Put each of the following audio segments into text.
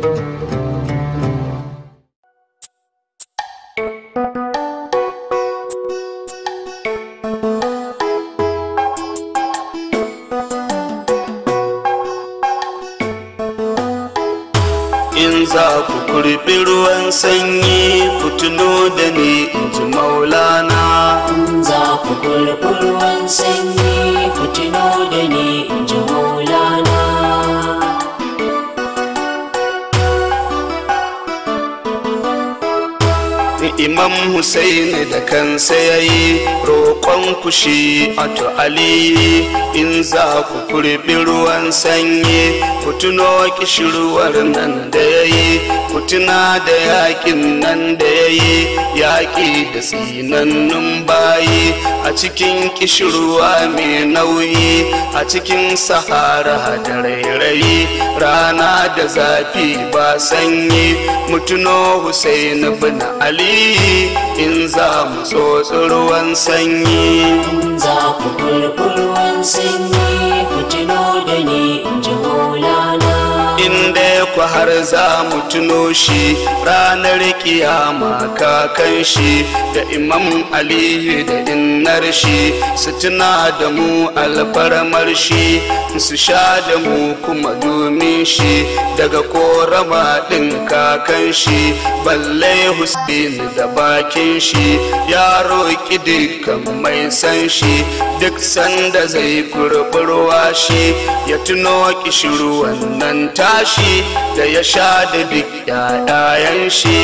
in za ku kurbi ruwan sanyi ku tuno da ni in ji maula imam Hussein da kansa yayi roƙon kushi shi ato ali in za ku kurbi ruwan sanyi ku tuno kishirwar nan da yayi ku tuna da yaƙin nan da yayi yaƙi da tsinannun bayi a cikin kishirwa mai nauyi a cikin sahara da rairayi rana da zafi ba sanyi mutuno Hussein bin ali in za mu tsotsi ruwan sanyi in za ku kulkulwan sanyi ku tuno da ni in ji maulana ku har za mu tuno shi ranar kiyama kakan shi da imam aliyu da innar shi su tuna da mu alfarmar shi su sha da mu kuma domin shi daga korama ɗin kakan shi balle husbin da bakin shi ya roƙi dukkan mai san shi duk sanda zai kurɓi shi ya tuno kishiru wannan tashi da ya sha da duk 'ya'yan shi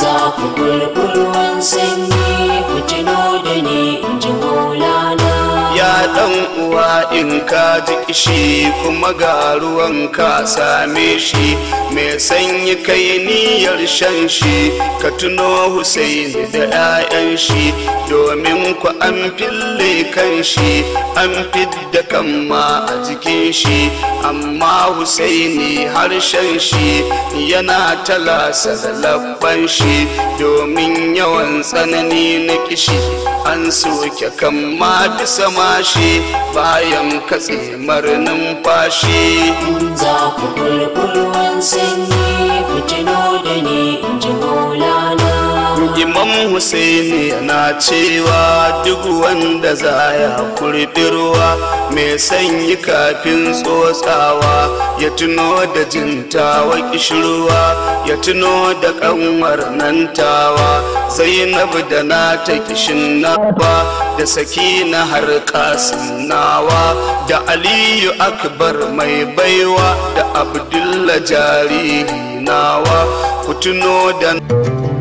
za ku gulgulwan sai. ruwa in ka ji ishi kuma ga ruwan ka same shi mai sanyi kai niyyar shan shi ka tuno Husaini da 'ya'yan shi domin ku an fille kan shi an fidda kan ma a jikin shi amma Husaini harshen shi yana talasa da labban shi domin tsanani na kishi an soke kan ma bisa mashi bayan katse marnin fashi za ku kulkulwan sanyi ku tuno da ni in ji maulana imam husaini yana cewa duk wanda za ya kurbi mai sanyi kafin tsotsawa ya tuno da jintawa kishirwa ya tuno da kanwar nan tawa zainab da na ta kishin nawa da sakina har kasin nawa da aliyu akbar mai baiwa da abdulla jari nawa ku tuno da